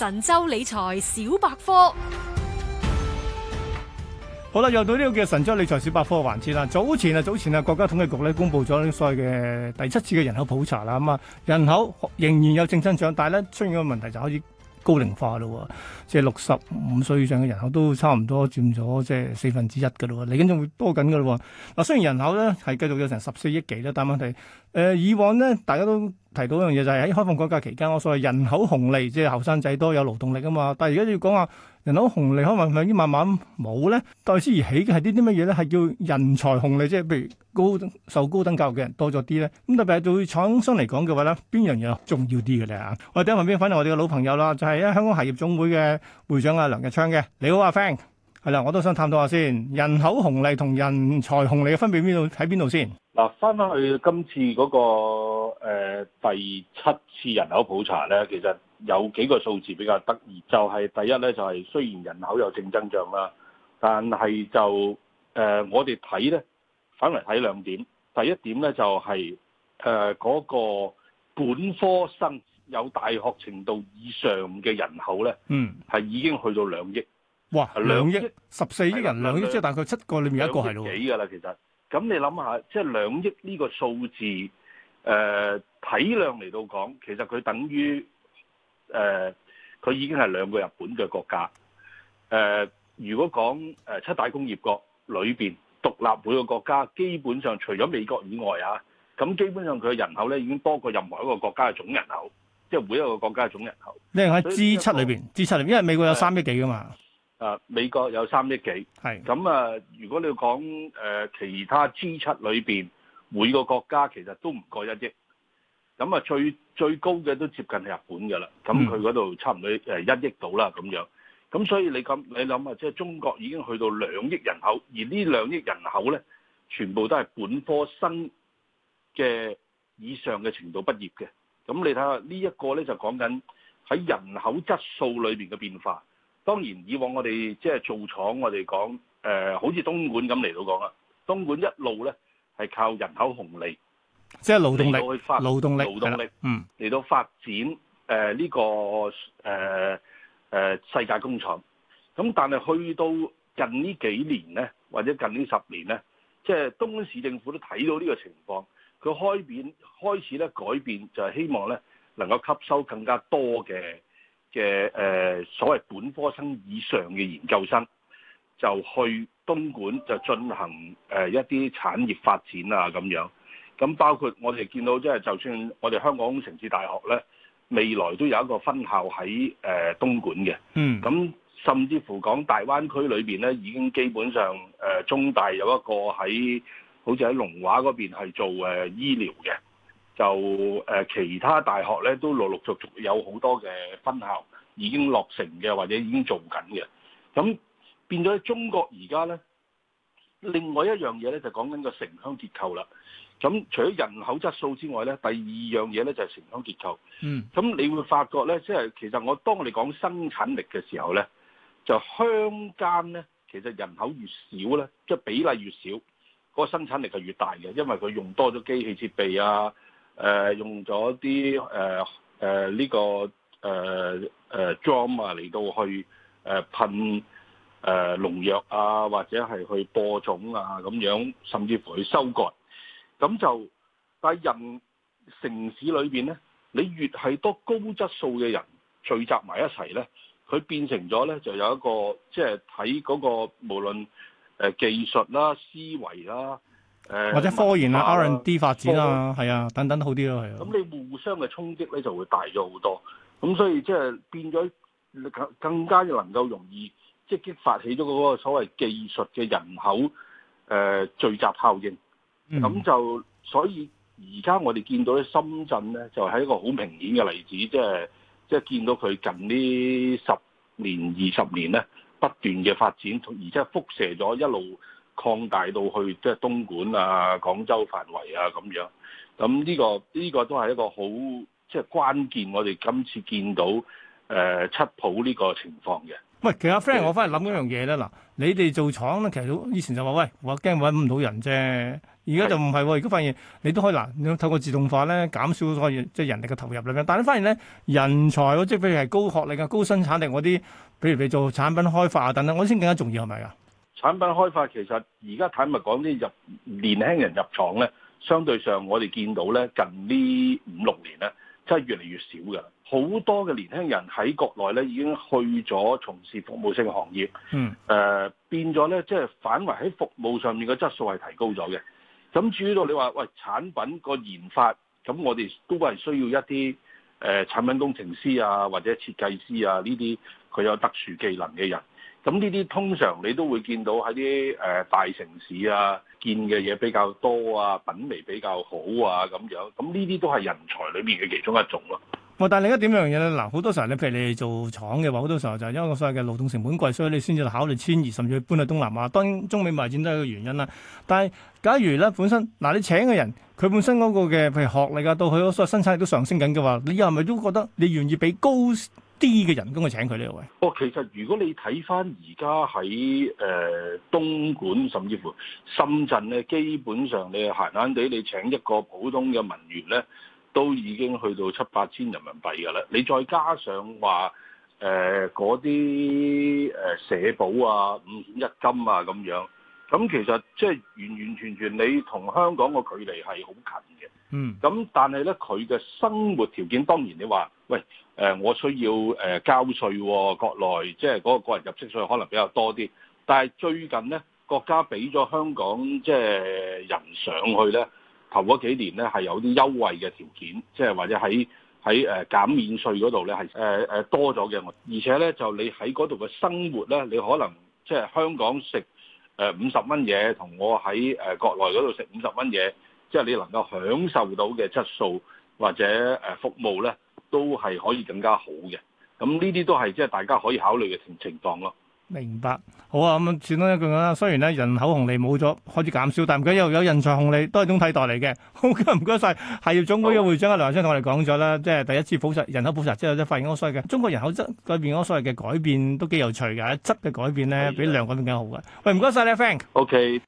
神州理財小百科，好啦，又到呢個嘅神州理財小百科嘅環節啦。早前啊，早前啊，國家統計局咧公布咗呢所謂嘅第七次嘅人口普查啦。咁、嗯、啊，人口仍然有正增長，但係咧出現個問題就開始高齡化咯。即係六十五歲以上嘅人口都差唔多佔咗即係四分之一噶咯。嚟緊仲會多緊噶咯。嗱，雖然人口咧係繼續有成十四億幾啦，但係問題誒、呃，以往呢，大家都。提到一樣嘢就係喺開放改革期間，我所謂人口紅利，即係後生仔多有勞動力啊嘛。但係而家要講話人口紅利可唔可以慢慢冇咧？代之而起嘅係啲啲乜嘢咧？係叫人才紅利，即係譬如高受高等教育嘅人多咗啲咧。咁特別係對廠商嚟講嘅話咧，邊樣嘢重要啲嘅咧？我哋第一問邊分係我哋嘅老朋友啦，就係喺香港鞋業總會嘅會長啊，梁日昌嘅。你好啊，Frank 係啦，我都想探討下先人口紅利同人才紅利嘅分別邊度喺邊度先嗱？翻返去今次嗰個。誒第七次人口普查咧，其實有幾個數字比較得意，就係第一咧，就係雖然人口有正增長啦，但係就誒我哋睇咧，反嚟睇兩點。第一點咧就係誒嗰個本科生有大學程度以上嘅人口咧，嗯，係已經去到兩億。哇，兩億，十四億人，兩億，即係大概七個裡面一個係咯。幾㗎啦，其實。咁你諗下，即係兩億呢個數字，誒、呃，體量嚟到講，其實佢等於誒，佢、呃、已經係兩個日本嘅國家。誒、呃，如果講誒七大工業國裏邊獨立每個國家，基本上除咗美國以外啊，咁基本上佢嘅人口咧已經多過任何一個國家嘅總人口，即係每一個國家嘅總人口。你喺 G7 裏邊，G7 裏邊，因為美國有三億幾噶嘛。啊、呃，美國有三億幾。係是。咁啊，如果你講誒、呃、其他 G7 裏邊。每個國家其實都唔過一億，咁啊，最最高嘅都接近日本㗎啦，咁佢嗰度差唔多誒一億度啦咁樣，咁所以你咁，你諗下，即係中國已經去到兩億人口，而呢兩億人口呢，全部都係本科生嘅以上嘅程度畢業嘅，咁你睇下呢一個呢，就講緊喺人口質素裏面嘅變化。當然以往我哋即係造廠我，我哋講誒，好似東莞咁嚟到講啦，東莞一路呢。係靠人口紅利，即係勞動力，勞發動力，勞動力，嗯，嚟到發展誒呢、呃這個誒誒、呃呃、世界工廠。咁但係去到近呢幾年咧，或者近呢十年咧，即係東莞市政府都睇到呢個情況，佢改變開始咧改變，就係、是、希望咧能夠吸收更加多嘅嘅誒所謂本科生以上嘅研究生。就去東莞就進行誒、呃、一啲產業發展啊，咁樣咁包括我哋見到，即、就、係、是、就算我哋香港城市大學呢，未來都有一個分校喺誒、呃、東莞嘅。嗯，咁甚至乎講大灣區裏邊呢已經基本上誒、呃、中大有一個喺好似喺龍華嗰邊係做誒、呃、醫療嘅，就誒、呃、其他大學呢，都陸陸續續有好多嘅分校已經落成嘅，或者已經做緊嘅咁。變咗中國而家咧，另外一樣嘢咧就是、講緊個城鄉結構啦。咁除咗人口質素之外咧，第二樣嘢咧就係、是、城鄉結構。嗯，咁你會發覺咧，即係其實我當我哋講生產力嘅時候咧，就鄉間咧，其實人口越少咧，即、就、係、是、比例越少，嗰、那個生產力係越大嘅，因為佢用多咗機器設備啊，誒、呃、用咗啲誒誒呢個誒誒、呃呃、裝啊嚟到去誒、呃、噴。誒、呃、農藥啊，或者係去播種啊，咁樣甚至乎去收割咁就。但係人城市裏邊咧，你越係多高質素嘅人聚集埋一齊咧，佢變成咗咧就有一個即係睇嗰個無論技術啦、啊、思維啦、啊、誒，呃、或者科研啦、啊、啊、R and D 發展啦、啊，係研啊，等等好啲咯、啊，係、啊。咁你互相嘅衝擊咧就會大咗好多，咁所以即係變咗更加能夠容易。即激發起咗嗰個所謂技術嘅人口誒、呃、聚集效應，咁、嗯、就所以而家我哋見到咧深圳咧就係、是、一個好明顯嘅例子，即係即係見到佢近呢十年二十年咧不斷嘅發展，而且輻射咗一路擴大到去即係、就是、東莞啊、廣州範圍啊咁樣。咁呢、這個呢、這個都係一個好即係關鍵，我哋今次見到。誒，七普呢個情況嘅。喂，其實 friend，啊，我翻嚟諗一樣嘢咧。嗱，你哋做廠咧，其實以前就話喂，我驚搵唔到人啫。而家就唔係，而家發現你都可以嗱，你都透過自動化咧，減少咗可以即係人力嘅投入啦。但係你發現咧，人才，即係譬如係高學歷嘅、高生產力嗰啲，譬如你做產品開發啊等等，我先更加重要係咪啊？是是產品開發其實而家坦白講啲入年輕人入廠咧，相對上我哋見到咧近呢五六年咧，真係越嚟越少噶。好多嘅年輕人喺國內咧已經去咗從事服務性行業，嗯誒、呃、變咗咧，即係反為喺服務上面嘅質素係提高咗嘅。咁至於到你話喂產品個研發，咁我哋都係需要一啲誒、呃、產品工程師啊，或者設計師啊呢啲佢有特殊技能嘅人。咁呢啲通常你都會見到喺啲誒大城市啊，見嘅嘢比較多啊，品味比較好啊咁樣。咁呢啲都係人才裏面嘅其中一種咯、啊。但係另一點樣嘢咧，嗱好多時候你譬如你做廠嘅話，好多時候就因為個所謂嘅勞動成本貴，所以你先至考慮遷移，甚至去搬去東南亞。當然，中美貿戰都係一個原因啦。但係，假如咧本身嗱你請嘅人，佢本身嗰個嘅譬如學歷啊，到佢嗰個生產力都上升緊嘅話，你又係咪都覺得你願意俾高啲嘅人工去請佢呢？位哦，其實如果你睇翻而家喺誒東莞，甚至乎深圳咧，基本上你閒閒地你請一個普通嘅文員咧，都已經去到七八千人民幣㗎啦，你再加上話誒嗰啲誒社保啊、五險一金啊咁樣，咁其實即係完完全全，全你同香港個距離係好近嘅，嗯，咁但係呢，佢嘅生活條件當然你話，喂誒、呃、我需要誒、呃、交稅、啊，國內即係嗰個個人入息稅可能比較多啲，但係最近呢，國家俾咗香港即係、就是、人上去呢。嗯頭嗰幾年呢，係有啲優惠嘅條件，即係或者喺喺誒減免稅嗰度呢，係誒誒多咗嘅，而且呢，就你喺嗰度嘅生活呢，你可能即係香港食誒五十蚊嘢，同我喺誒國內嗰度食五十蚊嘢，即係你能夠享受到嘅質素或者誒服務呢，都係可以更加好嘅。咁呢啲都係即係大家可以考慮嘅情情況咯。明白，好啊咁，算多一句啦。雖然咧人口紅利冇咗，開始減少，但唔緊要，有有人才紅利，都係種替代嚟嘅。好 嘅，唔該晒。鞋業總會嘅會長阿梁生同我哋講咗啦，即係第一次普查人口普查之後，都發現嗰所謂嘅中國人口質改變嗰所謂嘅改變都幾有趣嘅，質嘅改變咧比量嗰邊更加好嘅。喂、啊，唔該晒你，Frank。O K。